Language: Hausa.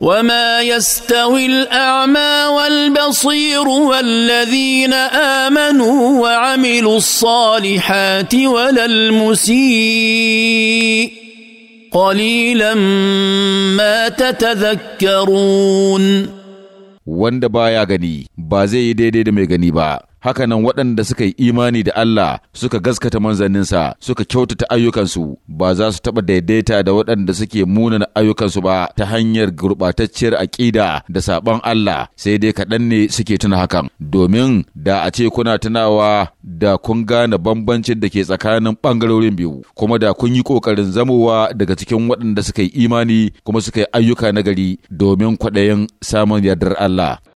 وما يستوي الاعمى والبصير والذين امنوا وعملوا الصالحات ولا المسيء قليلا ما تتذكرون wanda baya gani ba zai yi daidai da hakanan waɗanda suka yi imani da Allah suka gaskata manzanninsa suka kyautata ayyukansu ba za su taɓa daidaita da waɗanda suke munana ayyukansu ba ta hanyar gurɓatacciyar aƙida da saɓon Allah sai dai kaɗan ne suke tuna hakan domin da a ce kuna tunawa da kun gane bambancin da ke tsakanin ɓangarorin biyu kuma da kun yi ƙoƙarin zamowa daga cikin waɗanda suka yi imani kuma suka yi ayyuka na gari domin kwaɗayin samun yardar Allah